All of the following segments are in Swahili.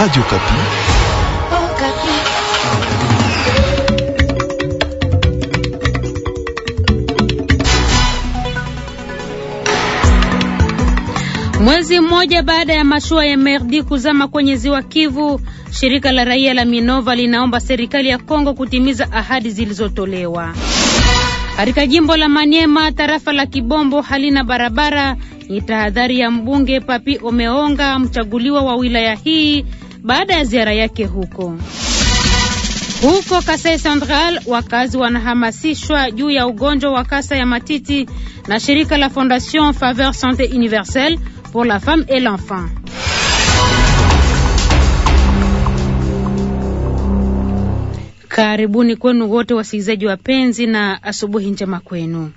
Radio Kapi. Mwezi mmoja baada ya mashua ya Merdi kuzama kwenye Ziwa Kivu, shirika la raia la Minova linaomba serikali ya Kongo kutimiza ahadi zilizotolewa. Katika jimbo la Maniema, tarafa la Kibombo halina barabara. Ni tahadhari ya mbunge Papi Omeonga, mchaguliwa wa wilaya hii, baada ya ziara yake huko. Huko Kasai Central, wakazi wanahamasishwa juu ya ugonjwa wa kasa ya matiti na shirika la Fondation Faveur Sante Universelle pour la Femme et l'Enfant. Karibuni kwenu wote wasikilizaji wapenzi, na asubuhi njema kwenu.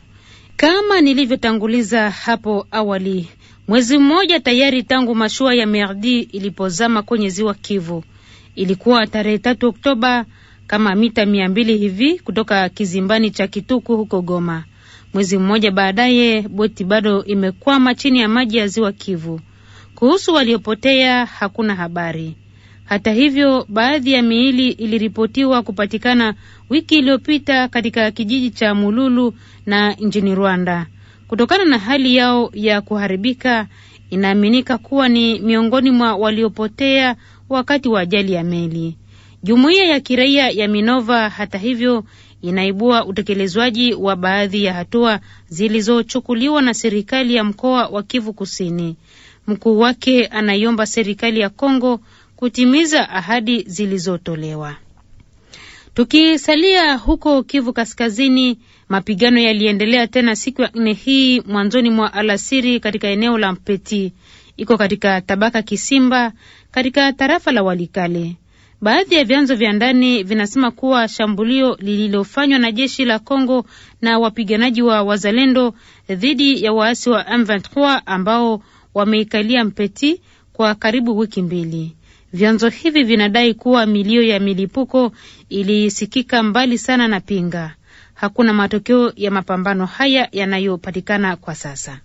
Kama nilivyotanguliza hapo awali, mwezi mmoja tayari tangu mashua ya Merdi ilipozama kwenye ziwa Kivu. Ilikuwa tarehe tatu Oktoba, kama mita mia mbili hivi kutoka kizimbani cha Kituku huko Goma. Mwezi mmoja baadaye, boti bado imekwama chini ya maji ya ziwa Kivu. Kuhusu waliopotea hakuna habari. Hata hivyo, baadhi ya miili iliripotiwa kupatikana wiki iliyopita katika kijiji cha Mululu na nchini Rwanda. Kutokana na hali yao ya kuharibika, inaaminika kuwa ni miongoni mwa waliopotea wakati wa ajali ya meli. Jumuiya ya kiraia ya Minova, hata hivyo, inaibua utekelezwaji wa baadhi ya hatua zilizochukuliwa na serikali ya mkoa wa Kivu Kusini. Mkuu wake anaiomba serikali ya Kongo kutimiza ahadi zilizotolewa. Tukisalia huko Kivu Kaskazini, mapigano yaliendelea tena siku ya nne hii mwanzoni mwa alasiri katika eneo la Mpeti, iko katika tabaka Kisimba katika tarafa la Walikale. Baadhi ya vyanzo vya ndani vinasema kuwa shambulio lililofanywa na jeshi la Kongo na wapiganaji wa wazalendo dhidi ya waasi wa M23 ambao wameikalia Mpeti kwa karibu wiki mbili. Vyanzo hivi vinadai kuwa milio ya milipuko ilisikika mbali sana na Pinga. Hakuna matokeo ya mapambano haya yanayopatikana kwa sasa.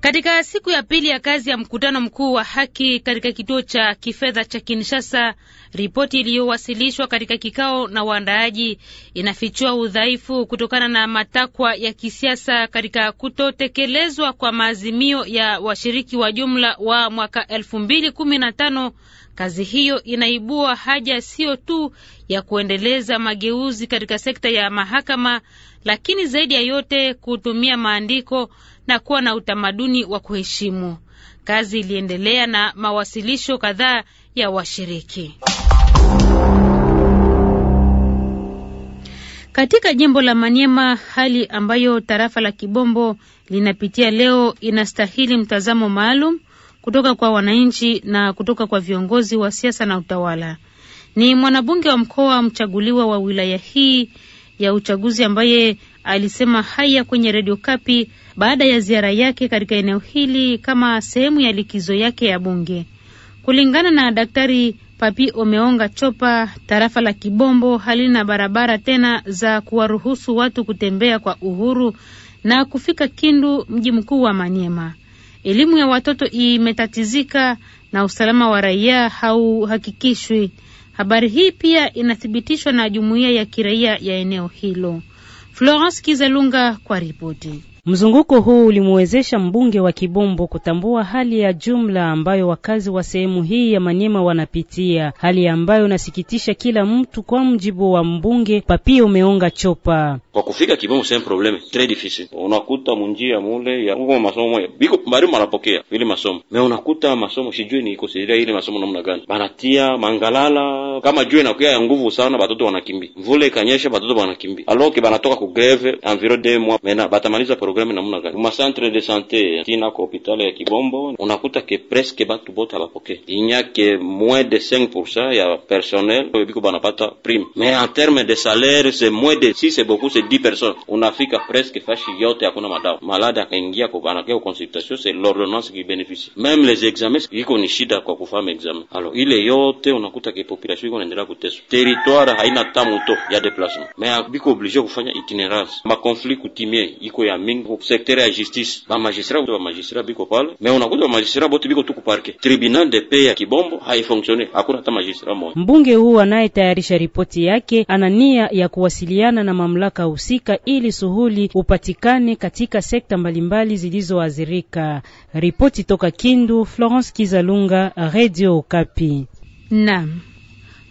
Katika siku ya pili ya kazi ya mkutano mkuu wa haki katika kituo cha kifedha cha Kinshasa, ripoti iliyowasilishwa katika kikao na waandaaji inafichua udhaifu kutokana na matakwa ya kisiasa katika kutotekelezwa kwa maazimio ya washiriki wa jumla wa mwaka elfu mbili kumi na tano. Kazi hiyo inaibua haja siyo tu ya kuendeleza mageuzi katika sekta ya mahakama, lakini zaidi ya yote kutumia maandiko na kuwa na utamaduni wa kuheshimu. Kazi iliendelea na mawasilisho kadhaa ya washiriki. Katika jimbo la Manyema, hali ambayo tarafa la Kibombo linapitia leo inastahili mtazamo maalum kutoka kwa wananchi na kutoka kwa viongozi wa siasa na utawala. Ni mwanabunge wa mkoa mchaguliwa wa wilaya hii ya uchaguzi ambaye alisema haya kwenye redio Kapi baada ya ziara yake katika eneo hili kama sehemu ya likizo yake ya bunge. Kulingana na Daktari Papi Omeonga Chopa, tarafa la Kibombo halina barabara tena za kuwaruhusu watu kutembea kwa uhuru na kufika Kindu, mji mkuu wa Maniema. Elimu ya watoto imetatizika na usalama wa raia hauhakikishwi. Habari hii pia inathibitishwa na jumuiya ya kiraia ya eneo hilo. Florence Kizalunga kwa ripoti. Mzunguko huu ulimwezesha mbunge wa Kibombo kutambua hali ya jumla ambayo wakazi wa sehemu hii ya Manyema wanapitia, hali ambayo inasikitisha kila mtu. Kwa mjibu wa mbunge papia Umeonga Chopa, kwa kufika Kibomu same probleme tres difficile. Unakuta munjia mule ya uko masomo ya biko bari manapokea ile masomo me, unakuta masomo sijui ni kusaidia ile masomo namna gani, banatia mangalala kama juu inakuya ya nguvu sana, batoto wanakimbia, mvule ikanyesha, batoto wanakimbia, aloke banatoka ku greve environ deux mois. Mena batamaliza programe namna gani? Kuma centre de santé tina kwa hospitali ya Kibombo unakuta ke presque batu bote abapokea, inyake moins de 5% ya personnel biko banapata prime, mais en terme de salaire c'est moins de 6 c'est beaucoup c'est 10 personnes, unafika presque fashi yote, hakuna madawa. Malada akaingia anakia consultation, c'est l'ordonnance qui bénéficie. Même les examens iko ni shida kwa kufanya examen. Alors ile yote unakuta ke population iko naendelea kuteswa, territoire haina tamuto ya déplacement, mais biko obligé kufanya itinerance. Ma conflit coutumier iko ya mingi ku secteur ya justice, ba magistrat ba magistrat biko pale, mais unakuta ba magistrat bote biko tu ku parquet. Tribunal de paix ya Kibombo haifonctionne, hakuna hata magistrat mmoja. Mbunge huu anayetayarisha ripoti yake ana nia ya kuwasiliana na mamlaka husika ili suhuli upatikane katika sekta mbalimbali zilizoathirika. Ripoti toka Kindu, Florence Kizalunga, Radio Okapi. Naam.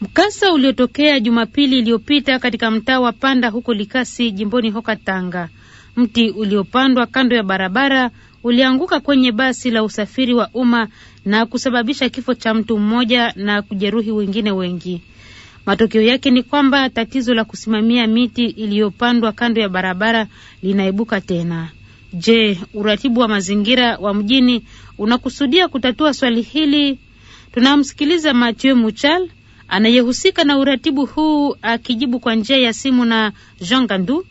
Mkasa uliotokea Jumapili iliyopita katika mtaa wa Panda huko Likasi jimboni Hoka Tanga. Mti uliopandwa kando ya barabara ulianguka kwenye basi la usafiri wa umma na kusababisha kifo cha mtu mmoja na kujeruhi wengine wengi. Matokeo yake ni kwamba tatizo la kusimamia miti iliyopandwa kando ya barabara linaibuka tena. Je, uratibu wa mazingira wa mjini unakusudia kutatua swali hili? Tunamsikiliza Mathieu Muchal anayehusika na uratibu huu akijibu kwa njia ya simu na Jean Gandu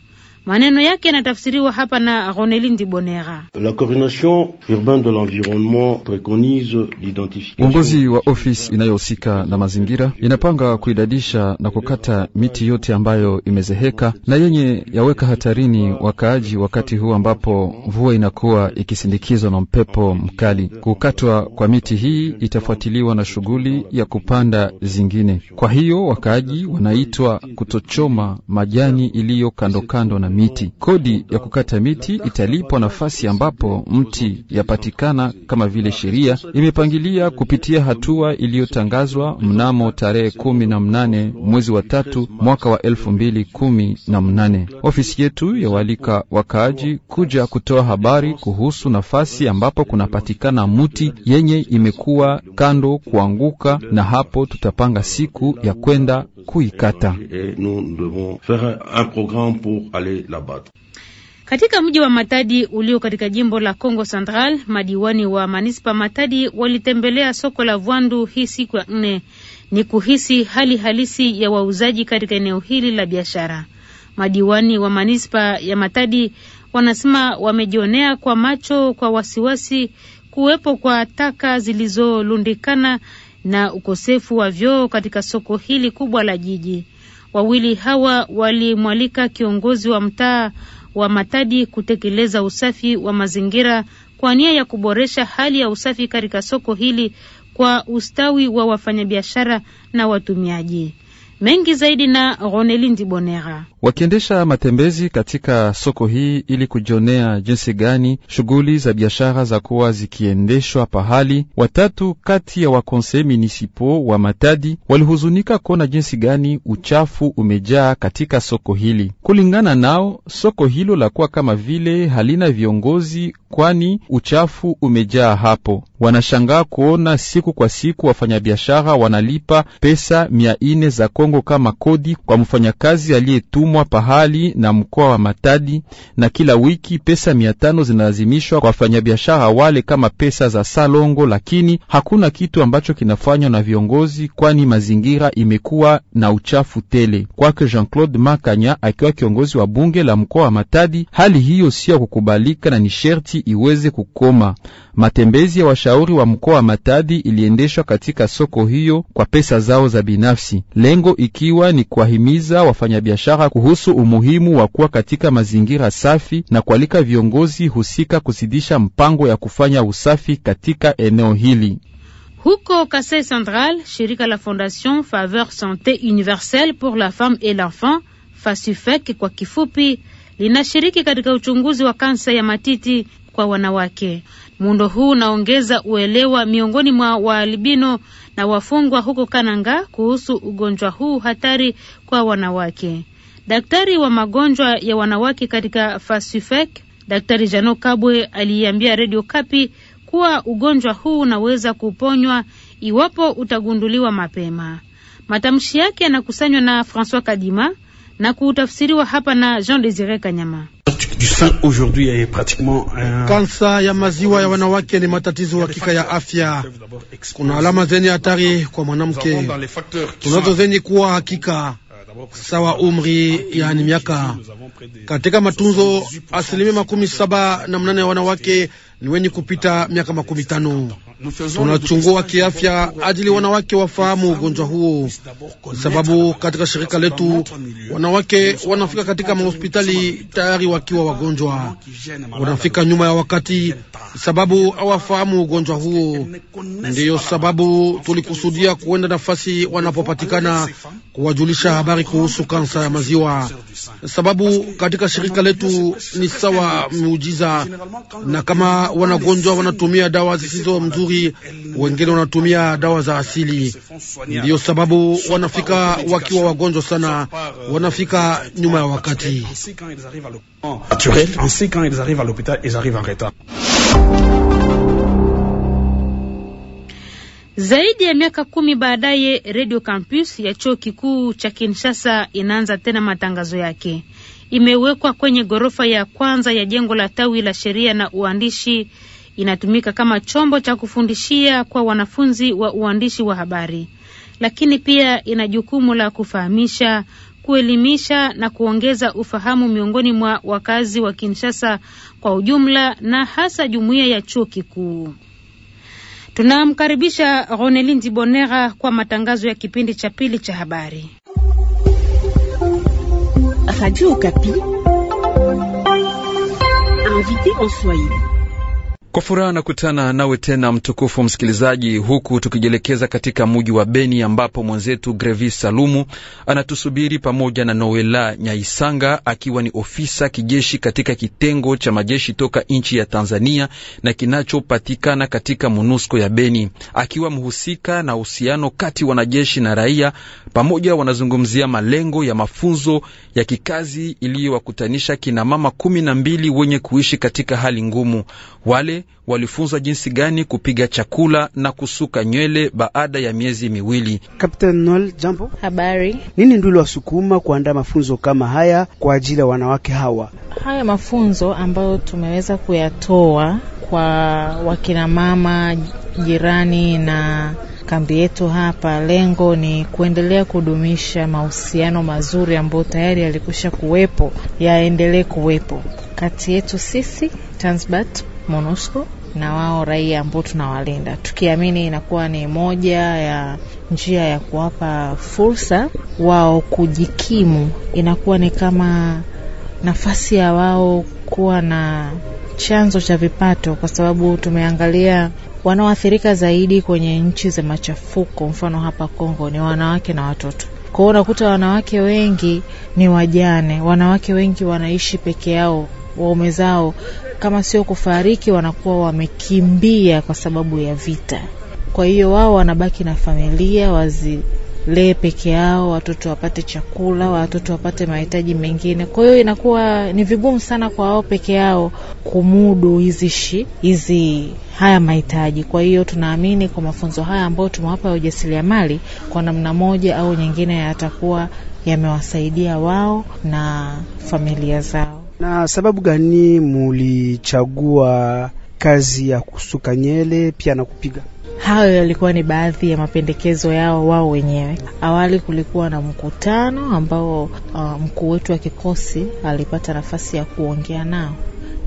Maneno yake yanatafsiriwa hapa na Ronelin Dibonera. La coordination urbaine de l'environnement preconise l'identification. Uongozi wa ofisi inayohusika na mazingira inapanga kuidadisha na kukata miti yote ambayo imezeheka na yenye yaweka hatarini wakaaji, wakati huu ambapo mvua inakuwa ikisindikizwa na mpepo mkali. Kukatwa kwa miti hii itafuatiliwa na shughuli ya kupanda zingine. Kwa hiyo wakaaji wanaitwa kutochoma majani iliyo kando na miti miti. Kodi ya kukata miti italipwa nafasi ambapo mti yapatikana, kama vile sheria imepangilia kupitia hatua iliyotangazwa mnamo tarehe kumi na mnane mwezi wa tatu mwaka wa elfu mbili kumi na mnane. Ofisi yetu yawaalika wakaaji kuja kutoa habari kuhusu nafasi ambapo kunapatikana muti yenye imekuwa kando kuanguka, na hapo tutapanga siku ya kwenda kuikata. Hilary Katika mji wa Matadi ulio katika jimbo la Congo Central, madiwani wa manispa Matadi walitembelea soko la Vwandu hii siku ya nne, ni kuhisi hali halisi ya wauzaji katika eneo hili la biashara. Madiwani wa manispa ya Matadi wanasema wamejionea kwa macho kwa wasiwasi kuwepo kwa taka zilizolundikana na ukosefu wa vyoo katika soko hili kubwa la jiji. Wawili hawa walimwalika kiongozi wa mtaa wa Matadi kutekeleza usafi wa mazingira kwa nia ya kuboresha hali ya usafi katika soko hili kwa ustawi wa wafanyabiashara na watumiaji mengi zaidi na Ronelindi Bonera wakiendesha matembezi katika soko hii ili kujionea jinsi gani shughuli za biashara za kuwa zikiendeshwa pahali. Watatu kati ya wakonse minisipo wa Matadi walihuzunika kuona jinsi gani uchafu umejaa katika soko hili. Kulingana nao, soko hilo la kuwa kama vile halina viongozi, kwani uchafu umejaa hapo. Wanashangaa kuona siku kwa siku wafanyabiashara wanalipa pesa mia ine za Kongo Kongo kama kodi kwa mfanyakazi aliyetumwa pahali na mkoa wa Matadi, na kila wiki pesa mia tano zinalazimishwa kwa wafanyabiashara wale kama pesa za salongo, lakini hakuna kitu ambacho kinafanywa na viongozi, kwani mazingira imekuwa na uchafu tele. Kwake Jean-Claude Makanya, akiwa kiongozi wa bunge la mkoa wa Matadi, hali hiyo sio kukubalika na ni sherti iweze kukoma. Matembezi ya washauri wa mkoa wa Matadi iliendeshwa katika soko hiyo kwa pesa zao za binafsi. Lengo ikiwa ni kuwahimiza wafanyabiashara kuhusu umuhimu wa kuwa katika mazingira safi na kualika viongozi husika kuzidisha mpango ya kufanya usafi katika eneo hili. Huko Kasai Central, shirika la Fondation Faveur Sante Universelle pour la Femme et l'Enfant, FASUFEC kwa kifupi, linashiriki katika uchunguzi wa kansa ya matiti kwa wanawake. Muundo huu unaongeza uelewa miongoni mwa waalbino na wafungwa huko Kananga kuhusu ugonjwa huu hatari kwa wanawake. Daktari wa magonjwa ya wanawake katika Fasifek, Daktari Jano Kabwe aliiambia Radio Kapi kuwa ugonjwa huu unaweza kuponywa iwapo utagunduliwa mapema. Matamshi yake yanakusanywa na Francois Kadima na kuutafsiriwa hapa na Jean Desire Kanyama. Kansa ya maziwa ya wanawake ni matatizo hakika ya afya. Kuna alama zenye hatari kwa mwanamke tunazo zenye kuwa hakika euh, sawa umri, yani miaka. Katika matunzo, asilimia makumi saba na mnane ya wanawake ni wenye kupita miaka makumi tano tunachungua kiafya ajili wanawake wafahamu ugonjwa huo, sababu katika shirika letu wanawake wanafika katika mahospitali tayari wakiwa wagonjwa, wanafika nyuma ya wakati sababu hawafahamu ugonjwa huo. Ndiyo sababu tulikusudia kuenda nafasi wanapopatikana kuwajulisha habari kuhusu kansa ya maziwa, sababu katika shirika letu ni sawa miujiza, na kama wanagonjwa wanatumia dawa zisizo mzuri vizuri, wengine wanatumia dawa za asili. Ndiyo sababu wanafika wakiwa wagonjwa sana, wanafika nyuma ya wakati. Zaidi ya miaka kumi baadaye, Radio Campus ya chuo kikuu cha Kinshasa inaanza tena matangazo yake. Imewekwa kwenye ghorofa ya kwanza ya jengo la tawi la sheria na uandishi inatumika kama chombo cha kufundishia kwa wanafunzi wa uandishi wa habari, lakini pia ina jukumu la kufahamisha, kuelimisha na kuongeza ufahamu miongoni mwa wakazi wa Kinshasa kwa ujumla na hasa jumuiya ya chuo kikuu. Tunamkaribisha Ronelin Dibonera kwa matangazo ya kipindi cha pili cha habari. Radio Okapi, invité en Swahili. Kwa furaha nakutana nawe tena mtukufu msikilizaji, huku tukijielekeza katika muji wa Beni ambapo mwenzetu Grevi Salumu anatusubiri pamoja na Noela Nyaisanga akiwa ni ofisa kijeshi katika kitengo cha majeshi toka nchi ya Tanzania na kinachopatikana katika MONUSCO ya Beni, akiwa mhusika na uhusiano kati wanajeshi na raia. Pamoja wanazungumzia malengo ya mafunzo ya kikazi iliyowakutanisha kinamama kumi na mbili wenye kuishi katika hali ngumu wale walifunzwa jinsi gani kupiga chakula na kusuka nywele baada ya miezi miwili. Captain Noel, jambo. Habari. Nini ndio liwasukuma kuandaa mafunzo kama haya kwa ajili ya wanawake hawa? Haya mafunzo ambayo tumeweza kuyatoa kwa wakinamama jirani na kambi yetu hapa, lengo ni kuendelea kudumisha mahusiano mazuri ambayo tayari yalikwisha kuwepo, yaendelee kuwepo kati yetu sisi Transbat MONUSCO na wao raia ambao tunawalinda, tukiamini inakuwa ni moja ya njia ya kuwapa fursa wao kujikimu. Inakuwa ni kama nafasi ya wao kuwa na chanzo cha vipato, kwa sababu tumeangalia wanaoathirika zaidi kwenye nchi za machafuko, mfano hapa Kongo, ni wanawake na watoto. Kwa hiyo unakuta wanawake wengi ni wajane, wanawake wengi wanaishi peke yao waume zao, kama sio kufariki, wanakuwa wamekimbia kwa sababu ya vita. Kwa hiyo wao wanabaki na familia wazi lee peke yao, watoto wapate chakula, watoto wapate mahitaji mengine. Kwa hiyo inakuwa ni vigumu sana kwa wao peke yao kumudu hizi shi hizi haya mahitaji. Kwa hiyo tunaamini kwa mafunzo haya ambayo tumewapa ya ujasiriamali, kwa namna moja au nyingine, yatakuwa yamewasaidia wao na familia zao. Na sababu gani mulichagua kazi ya kusuka nyele pia na kupiga? Hayo yalikuwa ni baadhi ya mapendekezo yao wao wenyewe. Awali kulikuwa na mkutano ambao uh, mkuu wetu wa kikosi alipata nafasi ya kuongea nao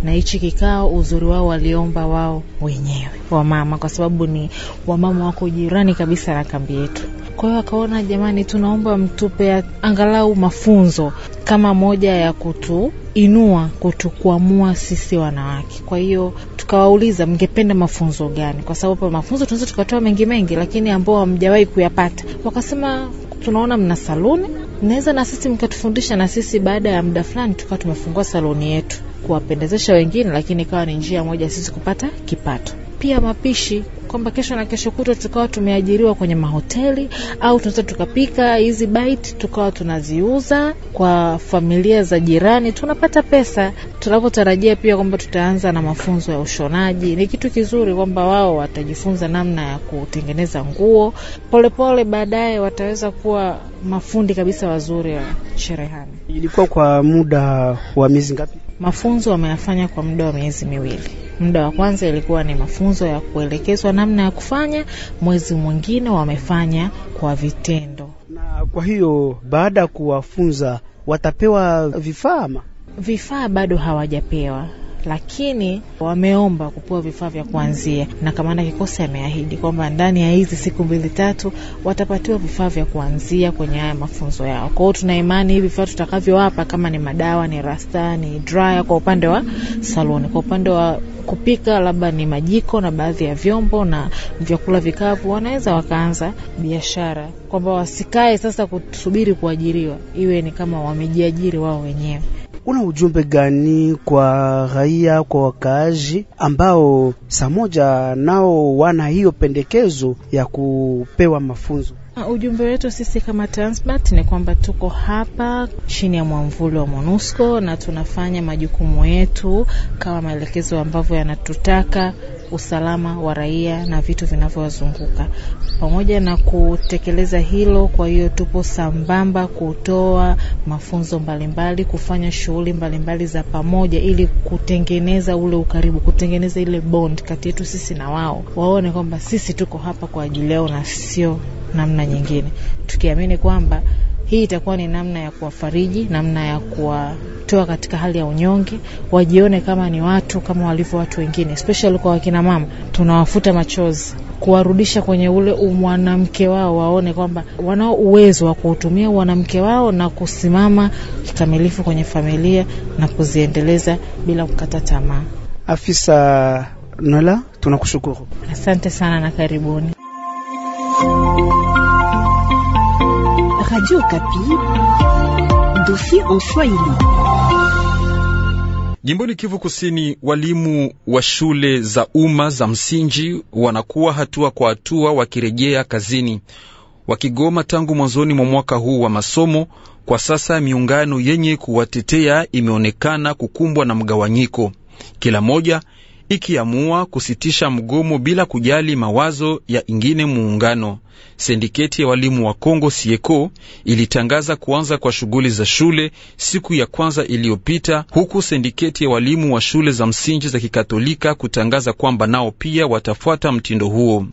na hichi kikao, uzuri wao waliomba wao wenyewe wamama, kwa sababu ni wamama wako jirani kabisa na kambi yetu. Kwa hiyo akaona, jamani, tunaomba mtupe angalau mafunzo kama moja ya kutuinua, kutukwamua sisi wanawake. Kwa hiyo tukawauliza, mngependa mafunzo gani? Kwa sababu mafunzo tunaweza tukatoa mengi mengi, lakini ambao hamjawahi kuyapata. Wakasema tunaona mna saluni, naweza na sisi mkatufundisha, na sisi baada ya muda fulani tukawa tumefungua saluni yetu kuwapendezesha wengine, lakini ikawa ni njia moja sisi kupata kipato. Pia mapishi kwamba kesho na kesho kutwa tukawa tumeajiriwa kwenye mahoteli au tunaweza tukapika hizi bite tukawa tunaziuza kwa familia za jirani, tunapata pesa. Tunapotarajia pia kwamba tutaanza na mafunzo ya ushonaji, ni kitu kizuri kwamba wao watajifunza namna ya kutengeneza nguo polepole, baadaye wataweza kuwa mafundi kabisa wazuri wa cherehani. Ilikuwa kwa muda wa miezi ngapi? Mafunzo wameyafanya kwa muda wa miezi miwili. Muda wa kwanza ilikuwa ni mafunzo ya kuelekezwa namna ya kufanya, mwezi mwingine wamefanya kwa vitendo. Na kwa hiyo baada ya kuwafunza watapewa vifaa ama vifaa bado hawajapewa lakini wameomba kupewa vifaa vya kuanzia, na kamanda kikosi ameahidi kwamba ndani ya hizi siku mbili tatu watapatiwa vifaa vya kuanzia kwenye haya mafunzo yao. Kwa hiyo tuna imani hivi vifaa tutakavyowapa, kama ni madawa, ni rasta, ni dryer kwa upande wa saloni, kwa upande wa kupika labda ni majiko na baadhi ya vyombo na vyakula vikavu, wanaweza wakaanza biashara, kwamba wasikae sasa kusubiri kuajiriwa, iwe ni kama wamejiajiri wao wenyewe una ujumbe gani kwa raia, kwa wakaaji ambao saa moja nao wana hiyo pendekezo ya kupewa mafunzo? Ah, ujumbe wetu sisi kama Transmart ni kwamba tuko hapa chini ya mwamvuli wa MONUSCO na tunafanya majukumu yetu kama maelekezo ambavyo yanatutaka usalama wa raia na vitu vinavyowazunguka pamoja na kutekeleza hilo. Kwa hiyo tupo sambamba kutoa mafunzo mbalimbali, kufanya shughuli mbalimbali za pamoja, ili kutengeneza ule ukaribu, kutengeneza ile bond kati yetu sisi na wao, waone kwamba sisi tuko hapa kwa ajili yao na sio namna nyingine, tukiamini kwamba hii itakuwa ni namna ya kuwafariji, namna ya kuwatoa katika hali ya unyonge, wajione kama ni watu kama walivyo watu wengine, especially kwa wakina mama. Tunawafuta machozi, kuwarudisha kwenye ule umwanamke wao, waone kwamba wanao uwezo wa kuutumia mwanamke wao na kusimama kikamilifu kwenye familia na kuziendeleza bila kukata tamaa. Afisa Nola, tunakushukuru, asante sana na karibuni. Radio Okapi, dofi en Swahili. Jimboni Kivu Kusini, walimu wa shule za umma za msingi wanakuwa hatua kwa hatua wakirejea kazini wakigoma tangu mwanzoni mwa mwaka huu wa masomo. Kwa sasa miungano yenye kuwatetea imeonekana kukumbwa na mgawanyiko, kila moja ikiamua kusitisha mgomo bila kujali mawazo ya ingine. Muungano sindiketi ya walimu wa Kongo Sieko ilitangaza kuanza kwa shughuli za shule siku ya kwanza iliyopita, huku sindiketi ya walimu wa shule za msingi za kikatolika kutangaza kwamba nao pia watafuata mtindo huo.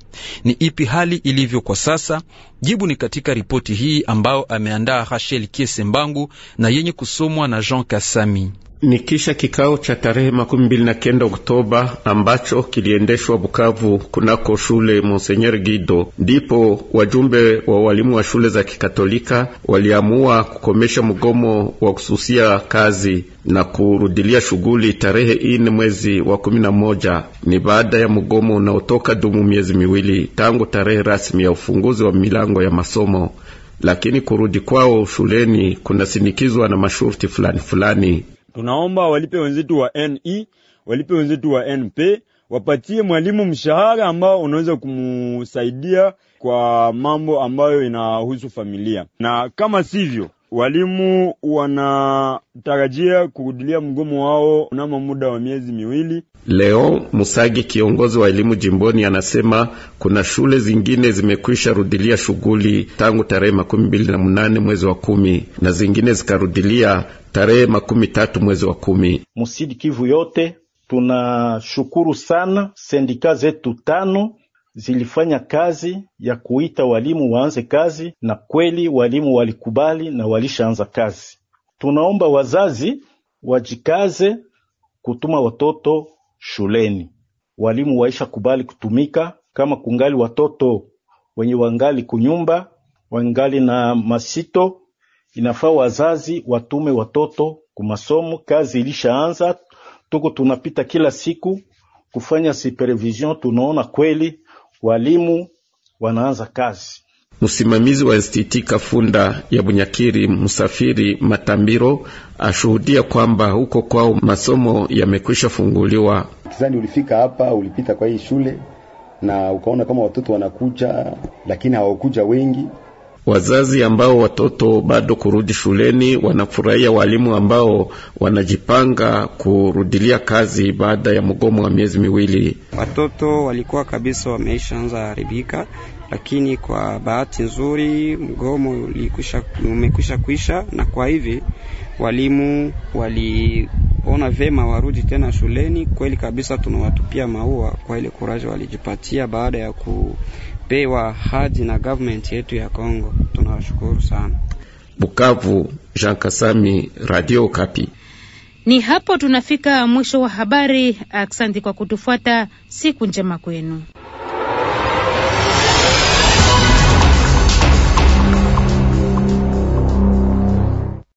Ni ipi hali ilivyo kwa sasa? Jibu ni katika ripoti hii ambayo ameandaa Rachel Kiesembangu na yenye kusomwa na Jean Kasami ni kisha kikao cha tarehe makumi mbili na kenda Oktoba ambacho kiliendeshwa Bukavu kunako shule Monsenyer Guido, ndipo wajumbe wa walimu wa shule za Kikatolika waliamua kukomesha mgomo wa kususia kazi na kurudilia shughuli tarehe ine mwezi wa kumi na moja. Ni baada ya mgomo unaotoka dumu miezi miwili tangu tarehe rasmi ya ufunguzi wa milango ya masomo, lakini kurudi kwao shuleni kunasinikizwa na masharti fulani fulani. Tunaomba walipe wenzetu wa NE, walipe wenzetu wa NP, wapatie mwalimu mshahara ambao unaweza kumsaidia kwa mambo ambayo inahusu familia, na kama sivyo walimu wanatarajia kurudilia mgomo wao unamo muda wa miezi miwili Leo Musagi, kiongozi wa elimu jimboni, anasema kuna shule zingine zimekwisha rudilia shughuli tangu tarehe makumi mbili na mnane mwezi wa kumi na zingine zikarudilia tarehe makumi tatu mwezi wa kumi. Musidi Kivu yote tunashukuru sana, sendika zetu tano zilifanya kazi ya kuita walimu waanze kazi, na kweli walimu walikubali na walishaanza kazi. Tunaomba wazazi wajikaze kutuma watoto shuleni. Walimu waisha kubali kutumika kama kungali watoto wenye wangali kunyumba wangali na masito, inafaa wazazi watume watoto kumasomo. Kazi ilishaanza, tuko tunapita kila siku kufanya supervision, tunaona kweli walimu wanaanza kazi. Msimamizi wa Instituti Kafunda ya Bunyakiri, Msafiri Matambiro, ashuhudia kwamba huko kwao masomo yamekwisha funguliwa. Kizani, ulifika hapa, ulipita kwa hii shule na ukaona kama watoto wanakuja, lakini hawakuja wengi Wazazi ambao watoto bado kurudi shuleni wanafurahia walimu ambao wanajipanga kurudilia kazi baada ya mgomo wa miezi miwili. Watoto walikuwa kabisa wameishaanza haribika, lakini kwa bahati nzuri mgomo umekwisha kuisha, na kwa hivi walimu waliona vema warudi tena shuleni. Kweli kabisa tunawatupia maua kwa ile kuraja walijipatia baada ya ku tumepewa hadi na government yetu ya Kongo. Tunawashukuru sana. Bukavu, Jean Kasami, Radio Kapi. Ni hapo tunafika mwisho wa habari. Asante kwa kutufuata. Siku njema kwenu.